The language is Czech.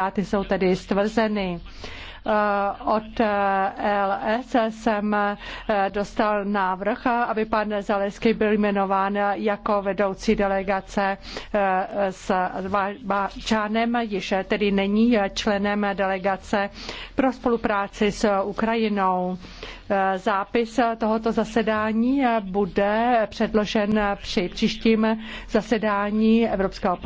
Státy jsou tedy stvrzeny eh, od eh, LS jsem eh, dostal návrh, aby pan Zalesky byl jmenován jako vedoucí delegace s Azerbajdžánem, již tedy není členem delegace pro spolupráci s Ukrajinou. Zápis tohoto zasedání bude předložen při příštím zasedání Evropského parlamentu.